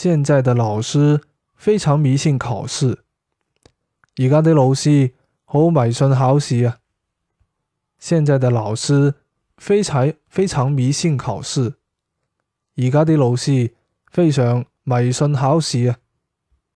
現在的老師非常迷信考試。而家啲老師好迷信考試啊！現在的老師非采非常迷信考試。而家啲老師非常迷信考試啊！